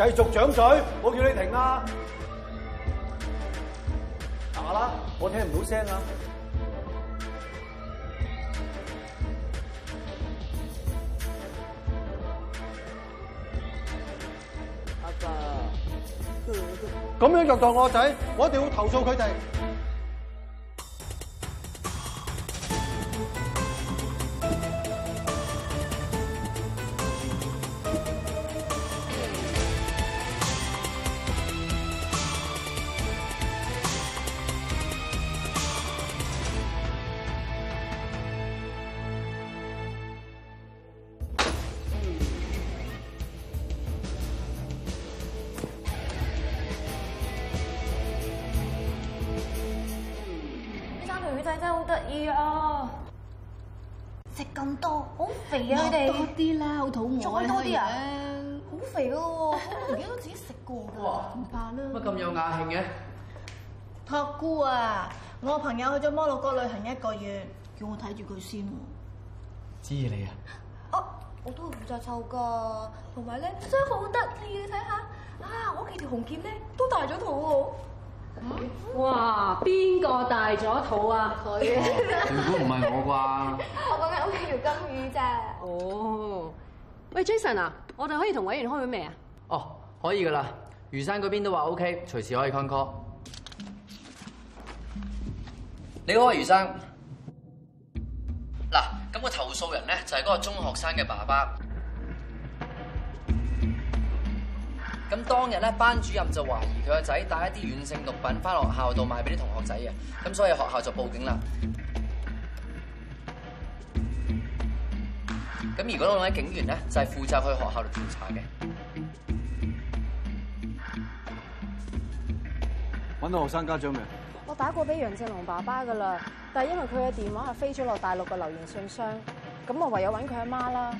繼續掌嘴，我叫你停啦！打啦，我聽唔到聲啦。阿爸，咁樣虐待我仔，我一定要投訴佢哋。女仔真好得意啊！食咁多，好肥啊你哋。多啲啦，好肚餓再多啲啊！好肥喎、啊， 好唔記得自己食過。哇！唔怕啦。乜咁有雅興嘅？託孤啊！我朋友去咗摩洛哥旅行一個月，叫我睇住佢先喎、啊。知你啊？哦、啊，我都會負責湊噶，同埋咧真係好得意，你睇下，啊我屋企條紅劍咧都大咗肚喎。啊、哇，邊個大咗肚啊？佢，如果唔係我啩？我講緊屋企條金魚啫。哦，喂，Jason 啊，我哋可以同委員開會未啊？哦，可以噶啦，余生嗰邊都話 OK，隨時可以 concall。你好，啊，余生。嗱，咁個投訴人咧就係、是、嗰個中學生嘅爸爸。咁當日咧，班主任就懷疑佢個仔帶一啲軟性毒品翻學校度賣俾啲同學仔嘅，咁所以學校就報警啦。咁如果兩位警員咧，就係負責去學校度調查嘅。揾到學生家長未？我打過俾楊振龍爸爸噶啦，但係因為佢嘅電話係飛咗落大陸嘅留言信箱，咁我唯有揾佢阿媽啦。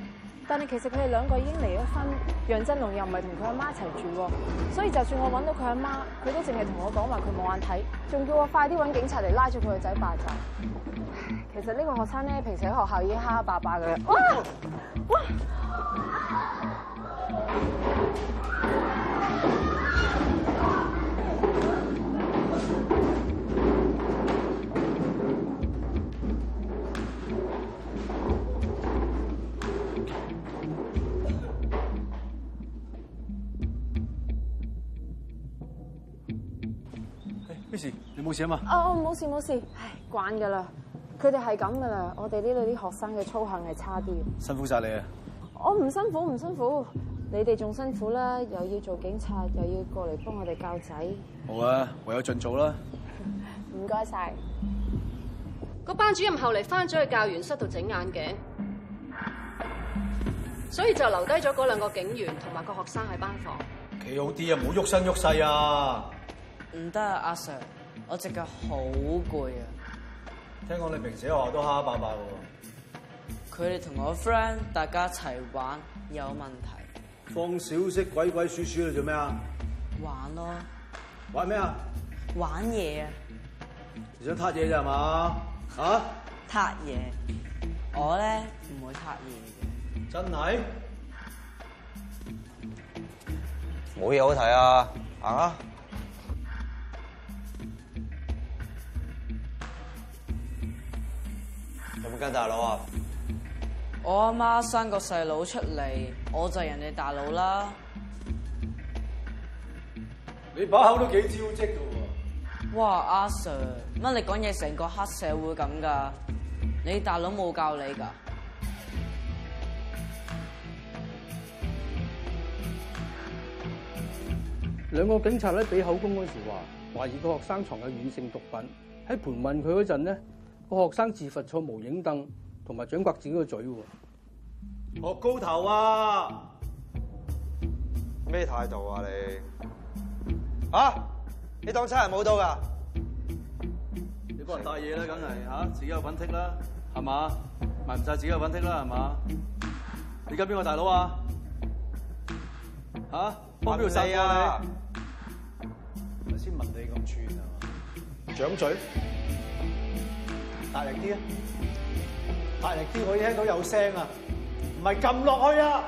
但係其實佢哋兩個已經離咗婚，楊振龍又唔係同佢阿媽一齊住，所以就算我揾到佢阿媽，佢都淨係同我講話佢冇眼睇，仲叫我快啲揾警察嚟拉住佢個仔霸走。其實呢個學生咧，平時喺學校已經蝦蝦霸霸噶啦。咩事？你冇事啊嘛？哦，冇事冇事，唉，慣噶啦，佢哋係咁噶啦，我哋呢度啲學生嘅操行係差啲。辛苦晒你啊！我唔辛苦唔辛苦，你哋仲辛苦啦，又要做警察，又要過嚟幫我哋教仔。好啊，唯有盡做啦。唔該晒。個班主任後嚟翻咗去教員室度整眼鏡，所以就留低咗嗰兩個警員同埋個學生喺班房。企好啲啊，唔好喐身喐勢啊！唔得啊，阿 Sir，我隻腳好攰啊！聽講你平時喺學校都蝦蝦霸霸喎。佢哋同我 friend，大家一齊玩，有問題。放小息鬼鬼祟祟去做咩啊？玩咯。玩咩啊？玩嘢啊！你想撻嘢咋係嘛？吓？撻嘢？我咧唔會撻嘢嘅。真係？冇嘢好睇啊！啊？有冇跟大佬啊？我阿媽生個細佬出嚟，我就係人哋大佬啦。你把口都幾招積噶？哇，阿 Sir，乜你講嘢成個黑社會咁噶？你大佬冇教你噶？兩個警察咧，畀口供嗰時話懷疑個學生藏有軟性毒品，喺盤問佢嗰陣咧。個學生自罰坐無影凳，同埋掌摑自己個嘴。學高頭啊，咩態度啊你？啊？你當差人冇刀噶？你幫人帶嘢啦，梗係吓，自己有品剔啦，係嘛？問唔晒自己有品剔啦，係嘛？你家邊個大佬啊？吓，幫邊度啊！過咪先問你咁串啊這麼？掌嘴？大力啲啊！大力啲，我聽到有聲啊，唔係撳落去啊！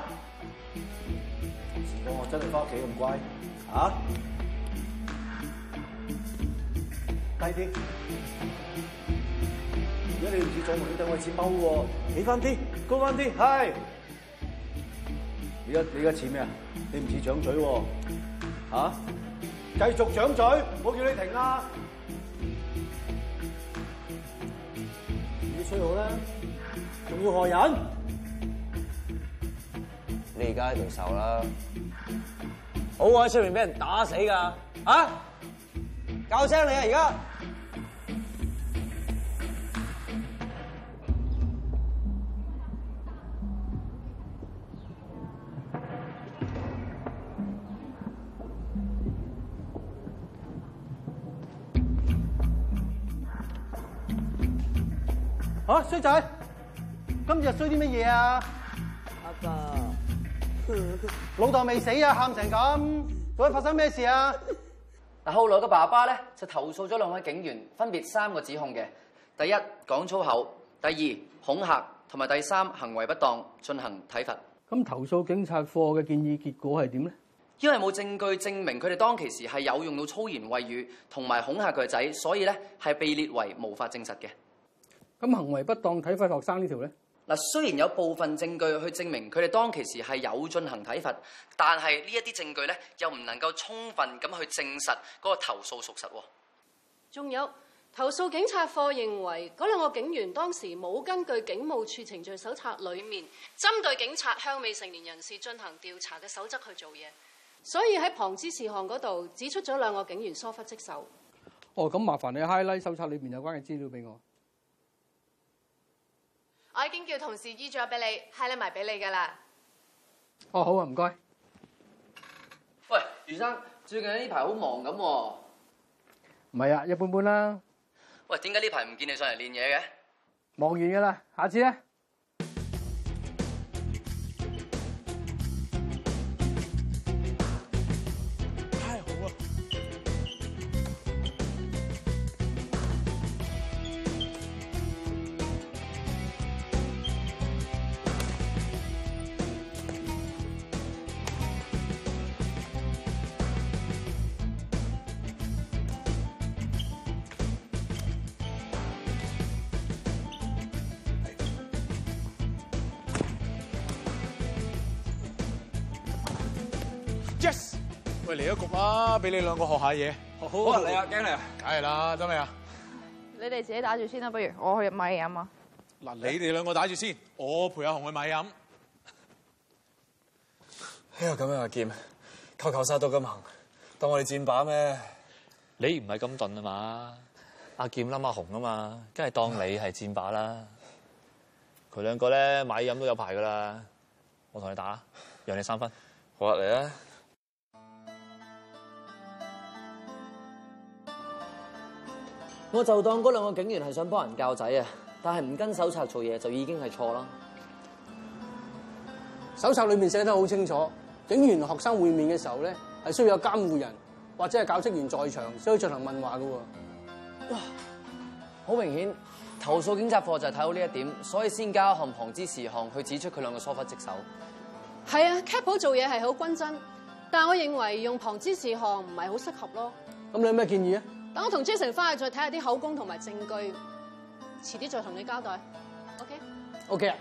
我真係翻屋企咁乖，吓？低啲！而家你唔似掌嘴，等我錢踎喎，起翻啲，高翻啲，係！而家你而家似咩啊？你唔似掌嘴喎，吓？繼續掌嘴，我叫你停啦！衰佬啦，仲要害人？你而家喺度受啦，好啊，出面俾人打死噶啊！教聲你啊，而家。衰仔，今日衰啲乜嘢啊？阿爸，老豆未死啊！喊成咁，到底發生咩事啊？嗱，後來個爸爸咧就投訴咗兩位警員，分別三個指控嘅：第一講粗口，第二恐嚇，同埋第三行為不當進行體罰。咁投訴警察課嘅建議結果係點咧？因為冇證據證明佢哋當其時係有用到粗言穢語同埋恐嚇佢個仔，所以咧係被列為無法證實嘅。咁行為不當體罰學生呢條呢？嗱，雖然有部分證據去證明佢哋當其時係有進行體罰，但係呢一啲證據呢，又唔能夠充分咁去證實嗰個投訴屬實。仲有投訴警察課認為嗰兩個警員當時冇根據警務處程序手冊裡面針對警察向未成年人士進行調查嘅守則去做嘢，所以喺旁支事項嗰度指出咗兩個警員疏忽職守。哦，咁麻煩你 highlight 手冊裏面有關嘅資料俾我。我已經叫同事醫咗俾你，係你埋俾你噶啦。哦，好啊，唔該。喂，余生最近呢排好忙咁喎？唔係啊，一般般啦。喂，點解呢排唔見你上嚟練嘢嘅？忙完噶啦，下次啊。嚟一局啦，俾你兩個學下嘢。好啊，嚟啊，驚你啊，梗係啦，得未啊？你哋自己打住先啦，不如我去買飲啊。嗱，你哋兩個打住先，我陪阿紅去買飲。哎呀，咁樣阿劍，扣扣殺到咁行，當我哋戰靶咩？你唔係咁鈍啊嘛？阿劍冧阿紅啊嘛，梗係當你係戰靶啦。佢、嗯、兩個咧買飲都有牌噶啦，我同你打，讓你三分，好啊，嚟啊！我就當嗰兩個警員係想幫人教仔啊，但係唔跟手冊做嘢，就已經係錯啦。手冊裏面寫得好清楚，警員同學生會面嘅時候咧，係需要有監護人或者係教職員在場先可以進行問話噶。哇，好明顯投訴警察課就係睇到呢一點，所以先加一項旁支事項去指出佢兩個疏忽職守。係啊，Capo 做嘢係好均真，但我認為用旁支事項唔係好適合咯。咁你有咩建議啊？等我同 Jason 翻去再睇下啲口供同埋證據，遲啲再同你交代。OK？OK 啊。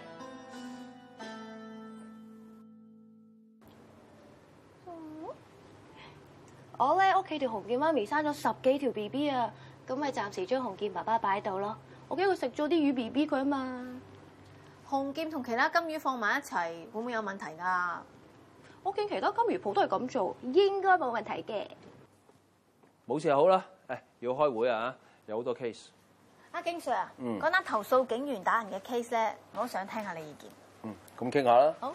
我咧屋企條紅劍媽咪生咗十幾條 B B 啊，咁咪暫時將紅劍爸爸擺喺度咯。我驚佢食咗啲魚 B B 佢啊嘛。紅劍同其他金魚放埋一齊會唔會有問題噶？我見其他金魚鋪都係咁做，應該冇問題嘅。冇事就好啦。要開會啊！有好多 case。阿景 Sir 啊，嗰單投訴警員打人嘅 case 咧，我都想聽下你意見。嗯，咁傾下啦。好。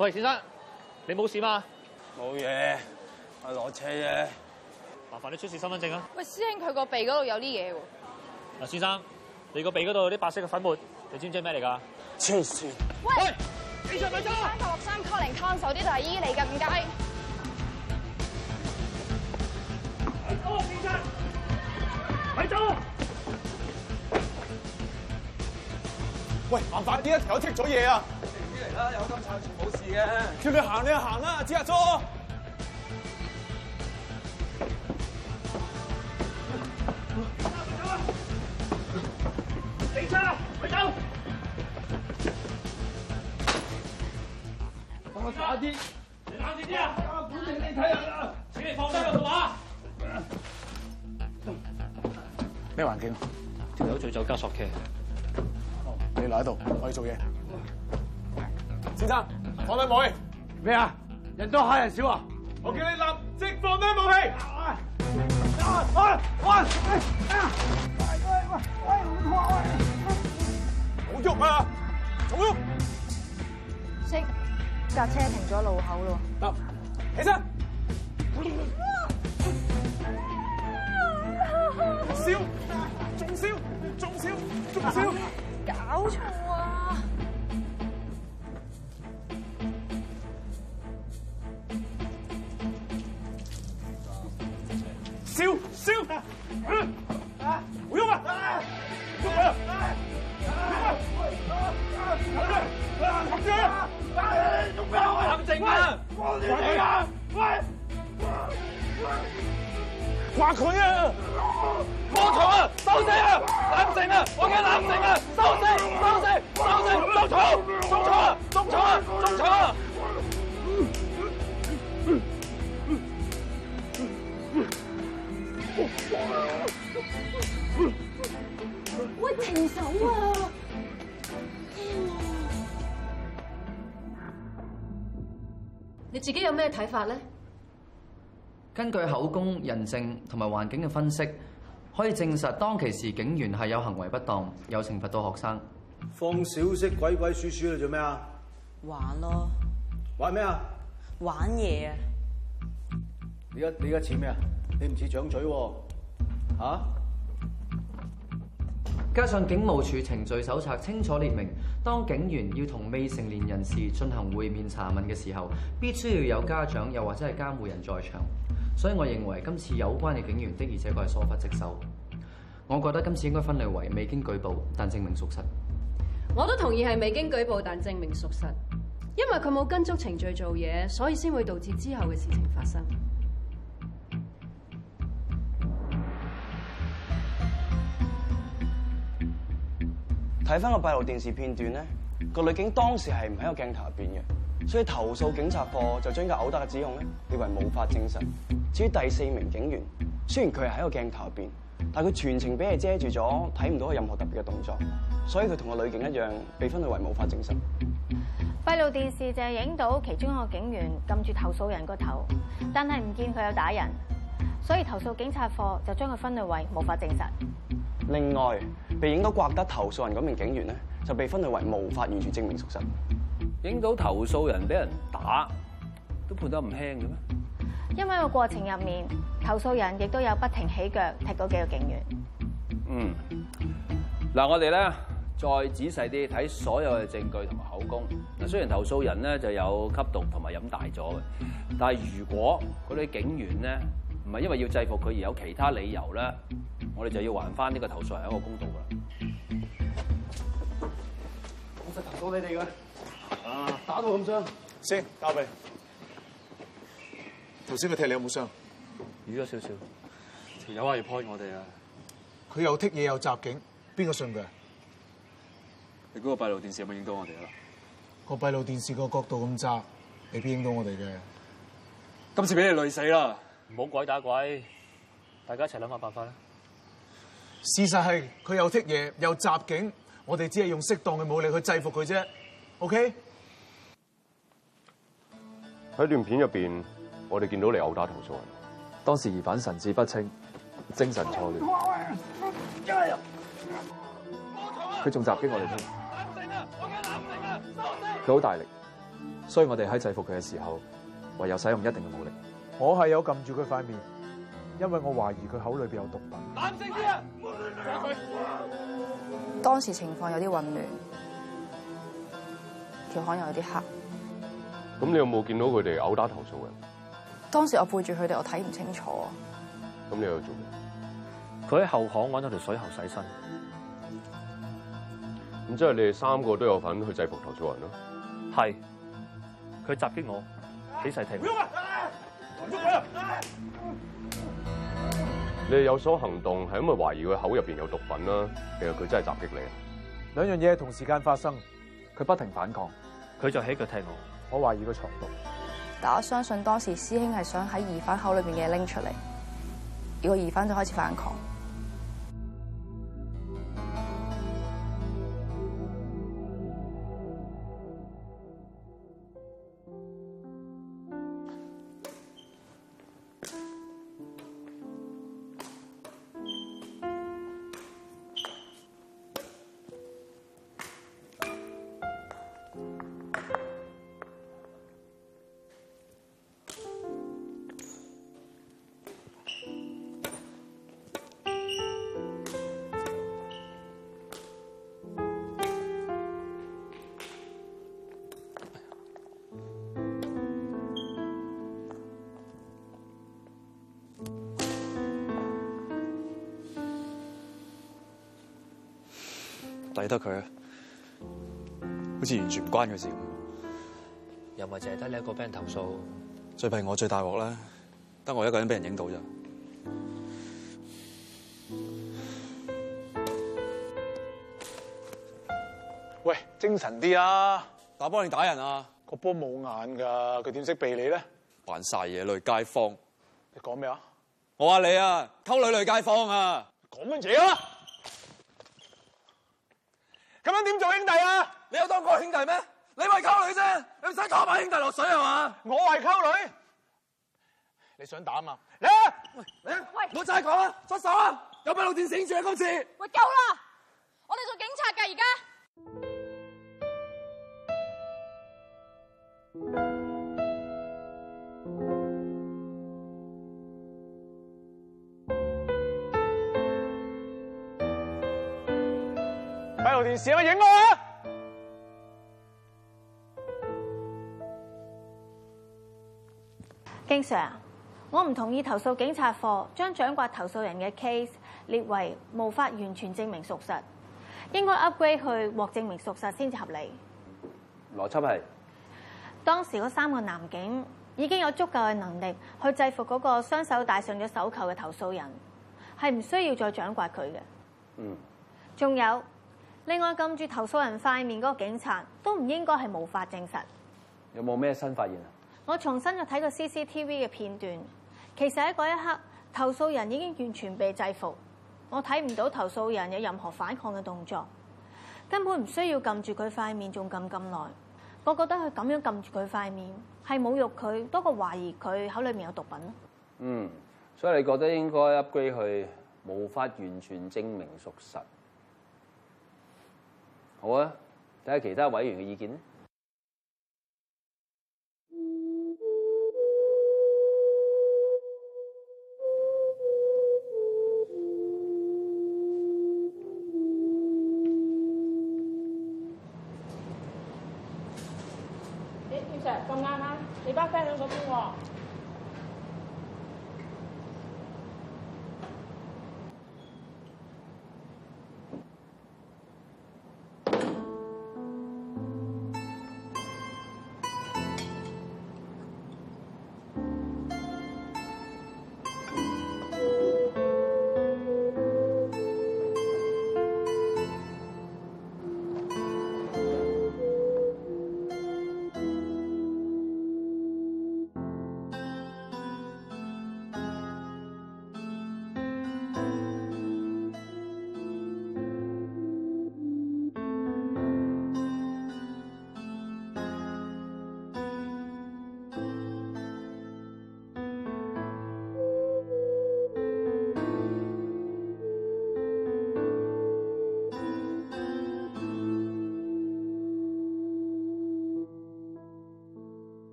喂，先生，你冇事嘛？冇嘢，係攞車啫。麻煩你出示身份證啊。喂，師兄，佢個鼻嗰度有啲嘢喎。嗱，先生，你個鼻嗰度有啲白色嘅粉末，你知唔知係咩嚟噶？黐線！喂，警察，警察！學生、學生，calling，calling，手啲就係醫嚟嘅唔該。係多，警察，警察煩警察啊、喂，麻煩，依家我剔咗嘢啊！有金叉錢冇事嘅，叫你行你就行啦，止入樽。快走啦！停車！快走！同我打啲，你冷靜啲啊！我保證你睇下，請你放低部電話啊！咩環境？條友醉酒加索 K。哦，你留喺度，我去做嘢。先生，放低武器！咩啊？人多吓人少啊！我叫你立即放低武器！喂喂喂喂喂喂喂！唔好喎！唔好喐啊！唔好、啊、喐！熄、啊！架、啊啊哎哎哎啊、車停咗路口咯。得，起身。燒、啊！中、啊、燒！中、啊、燒！中、啊、燒！啊、搞錯！喂，停手啊！你自己有咩睇法咧？根據口供、人證同埋環境嘅分析，可以證實當其時警員係有行為不當，有懲罰到學生。放小息鬼鬼祟祟，嚟做咩啊？玩咯！玩咩啊？玩嘢啊！你而家你而家似咩啊？你唔似掌嘴喎嚇。加上警務處程序手冊清楚列明，當警員要同未成年人士進行會面查問嘅時候，必須要有家長又或者係監護人在場。所以我認為今次有關嘅警員的而且確係疏忽職守。我覺得今次應該分類為未經舉報但證明屬實。我都同意係未經舉報但證明屬實，因為佢冇跟足程序做嘢，所以先會導致之後嘅事情發生。睇翻個閉路電視片段咧，個女警當時係唔喺個鏡頭入邊嘅，所以投訴警察課就將個毆打嘅指控咧列為無法證實。至於第四名警員，雖然佢係喺個鏡頭入邊，但係佢全程俾你遮住咗，睇唔到任何特別嘅動作，所以佢同個女警一樣被分類為無法證實。閉路電視就係影到其中一個警員撳住投訴人個頭，但係唔見佢有打人，所以投訴警察課就將佢分類為無法證實。另外，被影到刮得投訴人嗰名警員咧，就被分類為無法完全證明屬實。影到投訴人俾人打，都判得唔輕嘅咩？因為個過程入面，投訴人亦都有不停起腳踢嗰幾個警員。嗯，嗱、嗯，我哋咧再仔細啲睇所有嘅證據同埋口供。嗱，雖然投訴人咧，就有吸毒同埋飲大咗，但係如果嗰啲警員咧唔係因為要制服佢而有其他理由咧？我哋就要還翻呢個投訴係一個公道噶啦！我實投訴你哋嘅，啊打到咁傷先交俾。頭先佢踢你有冇傷？淤咗少少。條友阿要派我哋啊，佢又踢嘢又襲警，邊個信佢？你估個閉路電視有冇影到我哋啊？個閉路電視個角度咁窄，未必影到我哋嘅。今次俾你累死啦！唔好鬼打鬼，大家一齊諗下辦法啦。事實係佢又剔嘢又襲警，我哋只係用適當嘅武力去制服佢啫。OK。喺段片入邊，我哋見到你毆打逃犯，當時疑犯神志不清，精神錯亂。佢仲襲擊我哋添，佢好、啊啊啊啊啊、大力，所以我哋喺制服佢嘅時候，唯有使用一定嘅武力。我係有撳住佢塊面，因為我懷疑佢口裏邊有毒品。冷靜啲啊！當時情況有啲混亂，條巷又有啲黑。咁你有冇見到佢哋毆打投訴人？當時我背住佢哋，我睇唔清楚。咁你又做咩？佢喺後巷揾咗條水喉洗身。咁即係你哋三個都有份去制服投訴人咯？係。佢襲擊我，起誓停。你哋有所行動係因為懷疑佢口入邊有毒品啦，其實佢真係襲擊你？兩樣嘢同時間發生，佢不停反抗，佢就起腳踢我，我懷疑佢藏毒。但我相信當時師兄係想喺疑犯口裏邊嘅嘢拎出嚟，如果疑犯就開始反抗。理得佢啊！好似完全唔關佢事咁，又唔係淨係得你一個俾人投訴。最弊我最大鑊啦，得我一個人俾人影到咋？喂，精神啲啊！打波定打人啊？個波冇眼噶，佢點識避你咧？還晒嘢累街坊，你講咩啊？我話你啊，溝女累街坊啊！講乜嘢啊？咁樣點做兄弟啊？你有當過兄弟咩？你為溝女啫，你唔使拖埋兄弟落水係嘛？我為溝女，你想打嘛？嚟啊！嚟啊！喂！唔好再講啊！出手啊！有冇路線醒住啊？今次喂夠啦！我哋做警察㗎而家。做電視，Sir，我影我啊！經 Sir，我唔同意投訴警察課將掌摑投訴人嘅 case 列為無法完全證明屬實，應該 upgrade 去獲證明屬實先至合理。邏輯係當時嗰三個男警已經有足夠嘅能力去制服嗰個雙手戴上咗手銬嘅投訴人，係唔需要再掌摑佢嘅。嗯，仲有。另外，撳住投訴人塊面嗰個警察都唔應該係無法證實。有冇咩新發現啊？我重新又睇過 CCTV 嘅片段，其實喺嗰一刻，投訴人已經完全被制服，我睇唔到投訴人有任何反抗嘅動作，根本唔需要撳住佢塊面仲撳咁耐。我覺得佢咁樣撳住佢塊面係侮辱佢，多過懷疑佢口裏面有毒品。嗯，所以你覺得應該 upgrade 佢無法完全證明屬實。好啊，睇下其他委員嘅意見咧、欸。咦，金 Sir，咁啱啦，你包車響嗰邊喎？